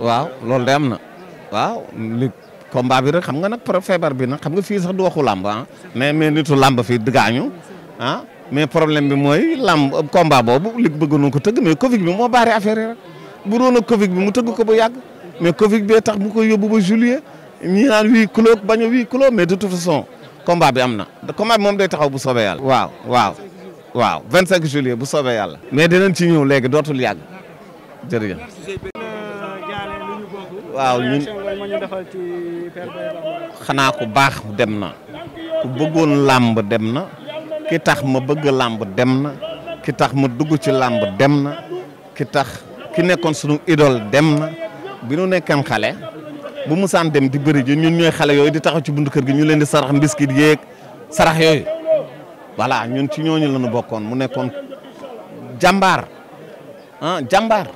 waaw loolu de am na waaw Luc combat bi rek xam nga nag pro feebar bi nag xam nga fii sax du waxu làmb ah mais mais nitu làmb fii gaañu ah mais problème bi mooy làmb combat boobu Luc bëgg na ko tëgg mais Covid bi moo baari affaire yi rek bu doon bi mu tëgg ko bu yàgg mais Covid bee tax mu ko yóbbu ba juillet ñi naan huis clos bañ a huis clos mais de bi am na combat bi moom day taxaw bu soobee yàlla waaw waaw 25 juillet bu soobee yàlla. mais dinañ ci ñëw léegi dootul yàgg jërëjëf. waaw ñun xanaa ku baax dem na ku bëggoon làmb dem na ki tax ma bëgg làmb dem na ki tax ma dugg ci làmb dem na ki tax ki nekkoon sunu idole dem na bi nu nekkan xale bu musaan dem di bëri ji ñun ñooy xale yooyu di taxaw ci buntu kër gi ñu leen di sarax mbiskit yéeg sarax yooyu. voilà ñun ci ñooñu la ñu bokkoon mu nekkoon jàmbaar ah jàmbaar